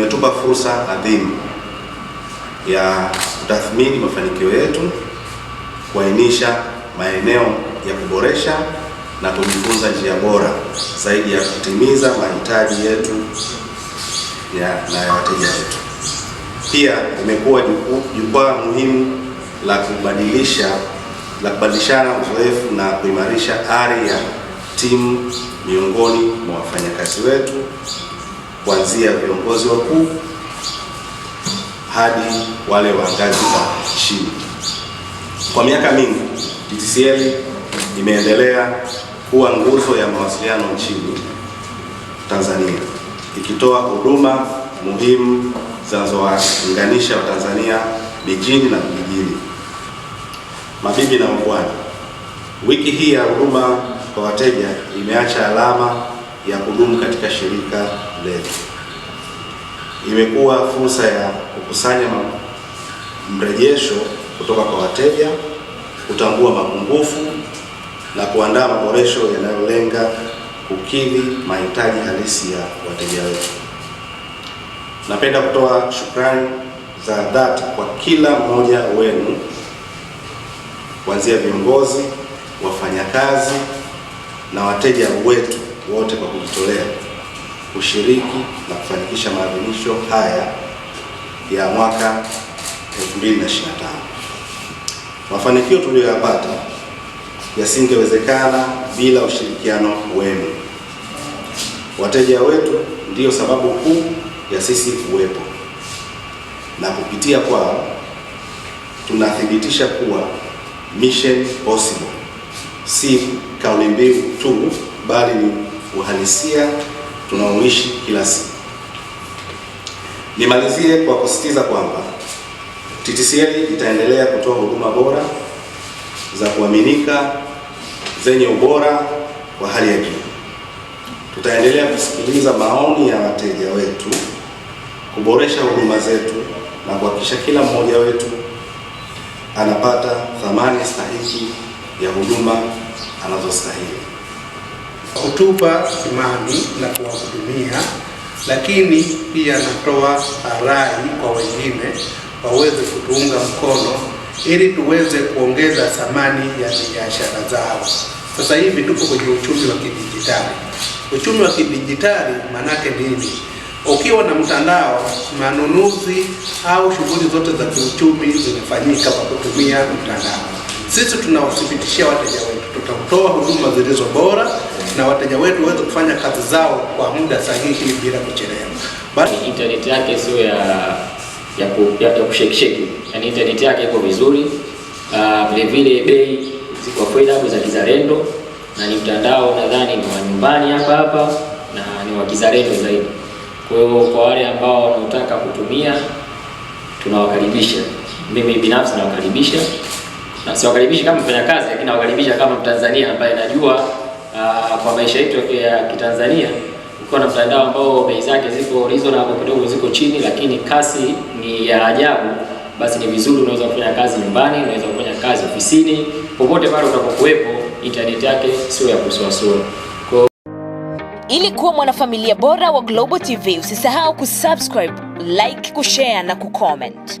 imetupa fursa adhimu ya kutathmini mafanikio yetu, kuainisha maeneo ya kuboresha na kujifunza njia bora zaidi ya kutimiza mahitaji yetu ya, na ya wateja wetu. Pia imekuwa jukwaa muhimu la kubadilisha la kubadilishana uzoefu na kuimarisha ari ya timu miongoni mwa wafanyakazi wetu kuanzia viongozi wakuu hadi wale wa ngazi za chini. Kwa miaka mingi TTCL imeendelea kuwa nguzo ya mawasiliano nchini Tanzania, ikitoa huduma muhimu zinazowaunganisha Watanzania mijini na vijijini, mabibi na mabwana. Wiki hii ya huduma kwa wateja imeacha alama ya kudumu katika shirika letu. Imekuwa fursa ya kukusanya mrejesho kutoka kwa wateja, kutambua mapungufu na kuandaa maboresho yanayolenga kukidhi mahitaji halisi ya wateja wetu. Napenda kutoa shukrani za dhati kwa kila mmoja wenu, kuanzia viongozi, wafanyakazi na wateja wetu wote kwa kujitolea kushiriki na kufanikisha maadhimisho haya ya mwaka 2025. Mafanikio tuliyoyapata yasingewezekana bila ushirikiano wenu. Wateja wetu ndiyo sababu kuu ya sisi kuwepo, na kupitia kwao tunathibitisha kuwa mission possible si kauli mbiu tu, bali ni uhalisia tunaoishi kila siku. Nimalizie kwa kusisitiza kwamba TTCL itaendelea kutoa huduma bora za kuaminika zenye ubora wa hali ya juu. Tutaendelea kusikiliza maoni ya wateja wetu, kuboresha huduma zetu na kuhakikisha kila mmoja wetu anapata thamani stahiki ya huduma anazostahili kutupa imani na kuwahudumia, lakini pia natoa rai kwa wengine waweze kutuunga mkono ili tuweze kuongeza thamani ya biashara zao. Sasa hivi tuko kwenye uchumi wa kidijitali. Uchumi wa kidijitali maanake nini? Ukiwa na mtandao, manunuzi au shughuli zote za kiuchumi zinafanyika kwa kutumia mtandao. Sisi tunawathibitishia wateja wetu tutatoa huduma zilizo bora na wateja wetu waweze kufanya kazi zao kwa muda sahihi bila kuchelewa. Basi yaani internet yake sio ya ya, ku, ya, ya kushekisheki, Yaani internet yake iko vizuri ah, vile vile bei ziko affordable za kizalendo na ni mtandao nadhani ni wa nyumbani hapa hapa na ni wa kizalendo zaidi. Kwa hiyo kwa wale ambao wanataka kutumia tunawakaribisha. Mimi binafsi nawakaribisha na siwakaribishi kama mfanyakazi, lakini nawakaribisha kama Mtanzania ambaye najua kwa maisha yetu ya Kitanzania, ukiwa na mtandao ambao bei zake ziko reasonable kidogo, ziko chini, lakini kasi ni ya ajabu, basi ni vizuri, unaweza kufanya kazi nyumbani, unaweza kufanya kazi ofisini, popote pale utakapokuwepo, intaneti yake sio ya kusuasua. Ili kuwa mwanafamilia bora wa Global TV, usisahau kusubscribe, like, kushare na kucomment.